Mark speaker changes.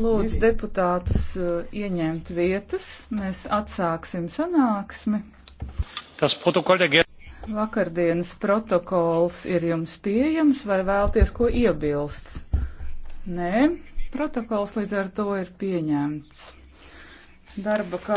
Speaker 1: Lūdzu deputātus uh, ieņemt vietas. Mēs atsāksim sanāksmi. Vakardienas protokols ir jums pieejams vai vēlties ko iebilst? Nē, protokols līdz ar to ir pieņemts.
Speaker 2: Darba kā